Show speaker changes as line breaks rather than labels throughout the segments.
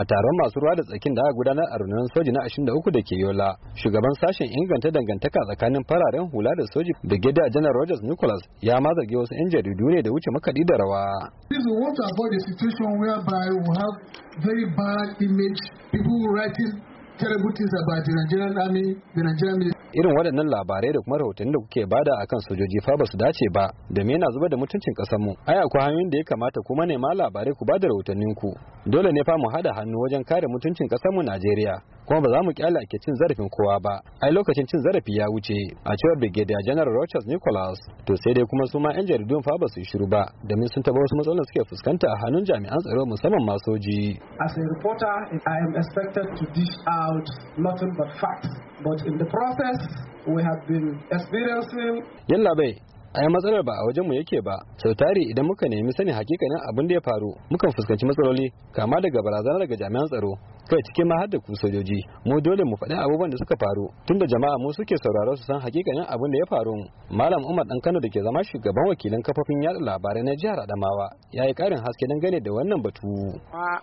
a taron masu ruwa da tsakin da aka gudanar a rundunar soji na 23 da ke yola shugaban sashen inganta dangantaka tsakanin fararen hula da soji brigadier Janar rogers nicholas ya ma zargi wasu 'yan jaridu ne da wuce makaɗi da rawa
terrible things about the Nigerian army, the Nigerian military.
irin waɗannan labarai da kuma rahotanni da kuke bada akan sojoji fa ba su dace ba da me yana zuba da mutuncin ƙasar mu ai akwai hanyoyin da ya kamata kuma ne ma labarai ku bada rahotannin ku dole ne fa mu hada hannu wajen kare mutuncin ƙasar mu Najeriya kuma ba za mu kyale ake cin zarafin kowa ba ai lokacin cin zarafi ya wuce a cewar Brigadier General Rogers Nicholas to sai dai kuma su ma yan jaridun fa ba su shiru ba domin sun taba wasu matsalolin suke fuskanta a hannun jami'an tsaro musamman masoji as a
reporter i am expected to dish out nothing but facts but in the process we have been experiencing
yalla bai ai matsalar ba a wajen mu yake ba sau tari idan muka nemi sani hakikanin abin da ya faru mukan fuskanci matsaloli kama daga barazana daga jami'an tsaro kai cikin ma har da ku sojoji mu dole mu faɗi abubuwan da suka faru tunda jama'a mu suke sauraro su san hakikanin abin da ya faru malam umar dan kano da ke zama shugaban wakilan kafofin yada labarai na jihar adamawa ya yi ƙarin haske dangane da wannan batu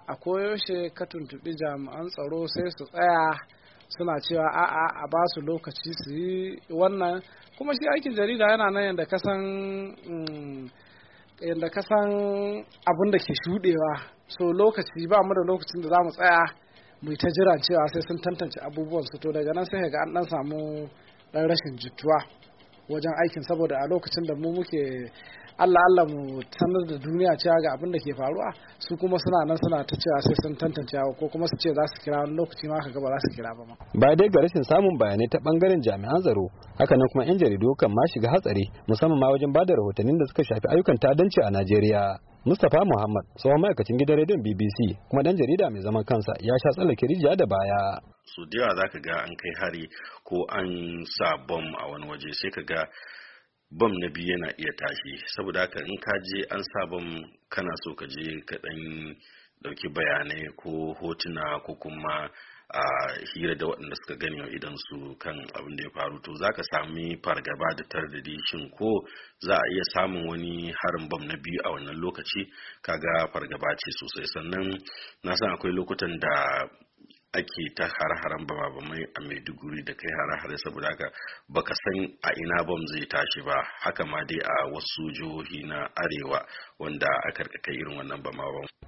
a koyaushe ka tuntuɓi jami'an tsaro sai su tsaya suna cewa a'a a ba su lokaci su yi wannan kuma shi aikin jarida yana nan yadda kasan mm, yadda kasan abin da ke shudewa so lokaci ba mu da lokacin da za mu tsaya mu ta jira cewa sai sun tantance abubuwan su to daga nan sai ga an dan samu dan rashin jituwa wajen aikin saboda a lokacin da mu muke Allah Allah mu sanar da duniya cewa ga abin da ke faruwa su kuma suna nan suna ta cewa sai sun tantance ko kuma su ce za su kira wani lokaci ma ka gaba za su kira ba ma.
Ba dai ga rashin samun bayanai ta bangaren jami'an tsaro haka nan kuma 'yan jaridu kan ma shiga hatsari musamman ma wajen ba da rahotannin da suka shafi ayyukan ta'addanci a Najeriya. Mustapha Muhammad tsohon ma'aikacin gidan rediyon BBC kuma dan jarida mai zaman kansa ya sha tsallake rijiya da baya.
Su da yawa ka ga an kai hari ko an sa bom a wani waje sai ka ga bom na biyu yana iya tashi saboda haka in ka je an sa bom kana so ka je ka ɗan ɗauki bayanai ko hotuna ko kuma a hira da waɗanda suka gani wa idan su kan abin da ya faru to zaka sami fargaba da tardadi shin ko za a iya samun wani harin bam na biyu a wannan lokaci kaga fargaba ce sosai sannan na san akwai lokutan da ake ta hare-haren mai a maiduguri da kai hare-hare saboda haka baka san a ina bom zai tashi ba haka ma dai a wasu jihohi na arewa wanda aka kai irin wannan ba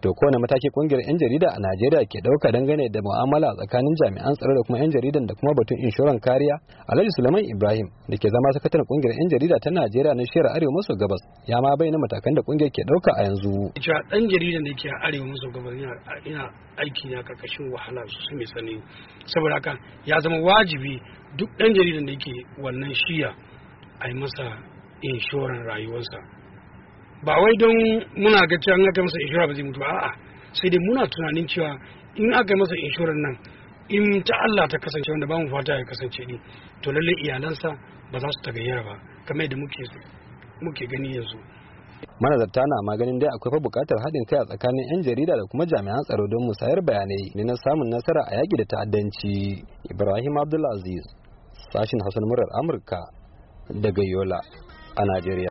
to kowane mataki kungiyar yan jarida a najeriya ke dauka dangane da mu'amala tsakanin jami'an tsaro da kuma yan jaridan da kuma batun inshoran kariya alhaji Suleiman ibrahim da ke zama sakataren kungiyar yan jarida ta najeriya na shirin arewa maso gabas ya ma bayyana matakan da kungiyar ke dauka a yanzu.
dan jaridan da ke arewa maso gabas ina aiki na karkashin wahala sosai mai sanyi saboda haka ya zama wajibi duk ɗan jaridan da yake wannan shiya a yi masa inshoran rayuwarsa ba wai don muna ga cewa aka masa inshora ba zai mutu a'a sai dai muna tunanin cewa in aka masa inshoran nan in ta Allah ta kasance wanda ba mu fata ya kasance ne, to lalle iyalansa ba za su tagayyara ba kamar yadda muke muke gani yanzu
manazarta na maganin dai akwai fa bukatar haɗin kai a tsakanin 'yan jarida da kuma jami'an tsaro don musayar bayanai ne na samun nasara a yaƙi da ta'addanci ibrahim abdulaziz sashin hausa murar amurka daga yola a najeriya